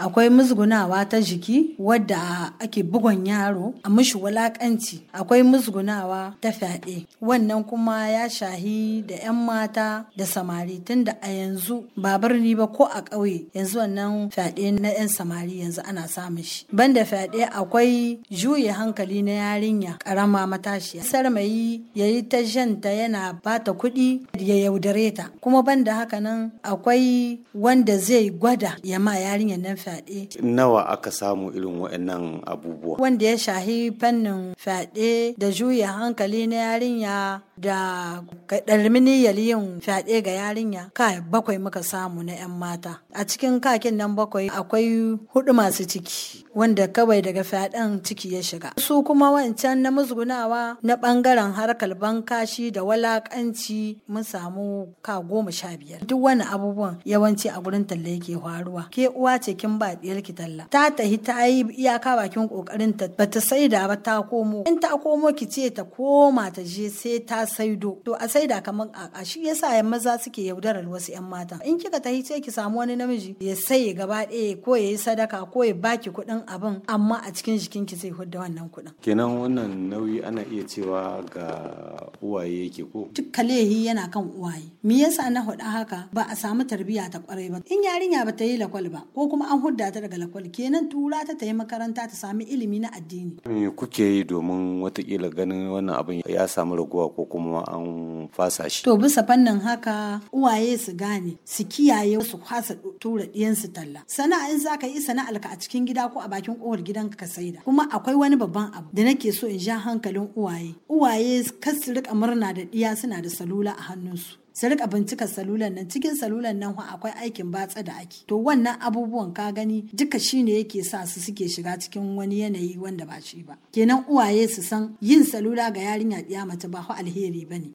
akwai musgunawa ta jiki wadda ake bugon yaro a mushi wulakanci akwai musgunawa ta fyaɗe wannan kuma ya shahi da 'yan mata da samari tunda a yanzu ba birni ba ko a ƙauye yanzu wannan fyaɗe na 'yan samari yanzu ana samun shi banda fyaɗe akwai juye hankali na yarinya Karama matashiya sarmayi ya yi ta janta yana bata kuɗi ya yaudare ta kuma banda haka nan akwai wanda zai gwada ya ma yarinyar nan fyaɗe fyaɗe. Nawa aka samu irin waɗannan abubuwa? Wanda ya shahi fannin fyaɗe da juya hankali na yarinya da ɗalmini yin fyaɗe ga yarinya ka bakwai muka samu na 'yan mata a cikin kakin nan bakwai akwai hudu masu ciki wanda kawai daga fyaɗen ciki ya shiga su kuma wancan na musgunawa na ɓangaren harkar bankashi da walakanci mun samu ka goma sha biyar duk wani abubuwan yawanci a gurin talla yake faruwa ke uwa ce kin ba ki talla ta tahi ta yi iyaka bakin kokarin ta bata saida ba ta komo in ta komo ki ce ta koma ta je sai ta saido to a saida kamar a shi yasa yan maza suke yaudarar wasu yan mata in kika tahi sai ki samu wani namiji ya saye gaba ɗaya ko ya yi sadaka ko ya baki kuɗin abin amma a cikin jikin ki zai hudda wannan kuɗin kenan wannan nauyi ana iya cewa ga uwaye yake ko dukkan lehi yana kan uwaye me yasa na huɗa haka ba a samu tarbiyya ta kwarai ba in yarinya ba ta yi lakwal ba ko kuma an hudda ta daga lakwal kenan tura ta ta yi makaranta ta sami ilimi na addini me kuke yi domin watakila ganin wannan abin ya samu raguwa ko kuma kuma an fasa shi. To bisa fannin haka uwaye su gane su kiyaye su kwasa tura ɗiyansu talla. Sana'a in za ka yi sana'alka a cikin gida ko a bakin kowar gidan ka saida. Kuma akwai wani babban abu da nake so in ja hankalin uwaye. Uwaye kar su murna da ɗiya suna da salula a hannunsu. su rika bincika salulan nan cikin salulan nan akwai aikin batsa da ake to wannan abubuwan ka gani duka shine yake sa su suke shiga cikin wani yanayi wanda ba shi ba kenan uwaye su san yin salula ga yarinya ɗiya mace ba alheri bane